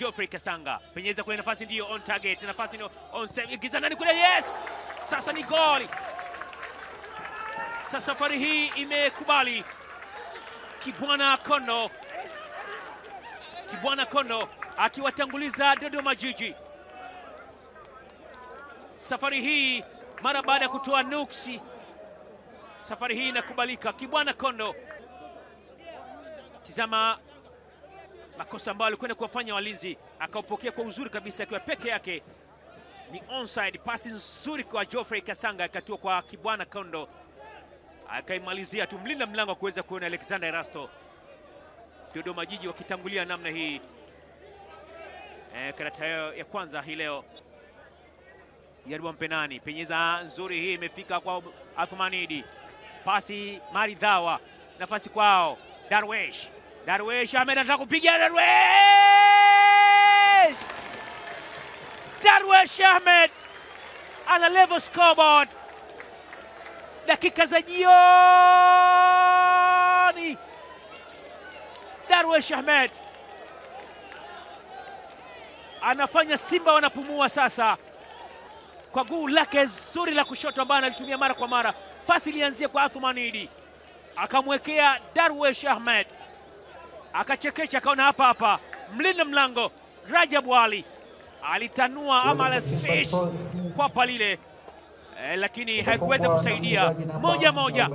Geoffrey Kasanga, penyeza kule, nafasi ndiyo on target, nafasi ndiyo on save, giza ndani kule, yes! Sasa ni goli. Sasa safari hii imekubali Kibwana Kondo, Kibwana Kondo akiwatanguliza Dodoma Jiji safari hii mara baada ya kutoa nuksi, safari hii inakubalika. Kibwana Kondo, tizama makosa ambayo alikwenda kuwafanya walinzi, akaupokea kwa uzuri kabisa akiwa peke yake. Ni onside, pasi nzuri kwa Geoffrey Kasanga, ikatua kwa Kibwana Kondo, akaimalizia tu mlinda mlango kuweza kuona Alexander Erasto. Dodoma Jiji wakitangulia namna hii e, karata yao ya kwanza hii leo. Jaribu Mpenani, penyeza nzuri hii imefika kwa Athmanidi, pasi maridhawa, nafasi kwao Darwesh Darwesh Ahmed kupiga Darwesh! Darwesh Ahmed ana level scoreboard. Dakika za jioni. Darwesh Ahmed anafanya Simba wanapumua sasa kwa guu lake zuri la kushoto ambayo analitumia mara kwa mara. Pasi ilianzia kwa Athumani Idi akamwekea Darwesh Ahmed akachekecha, akaona hapa hapa mlinda mlango Rajabu Ali alitanua ama alasish kwapa lile eh, lakini haikuweza kusaidia moja moja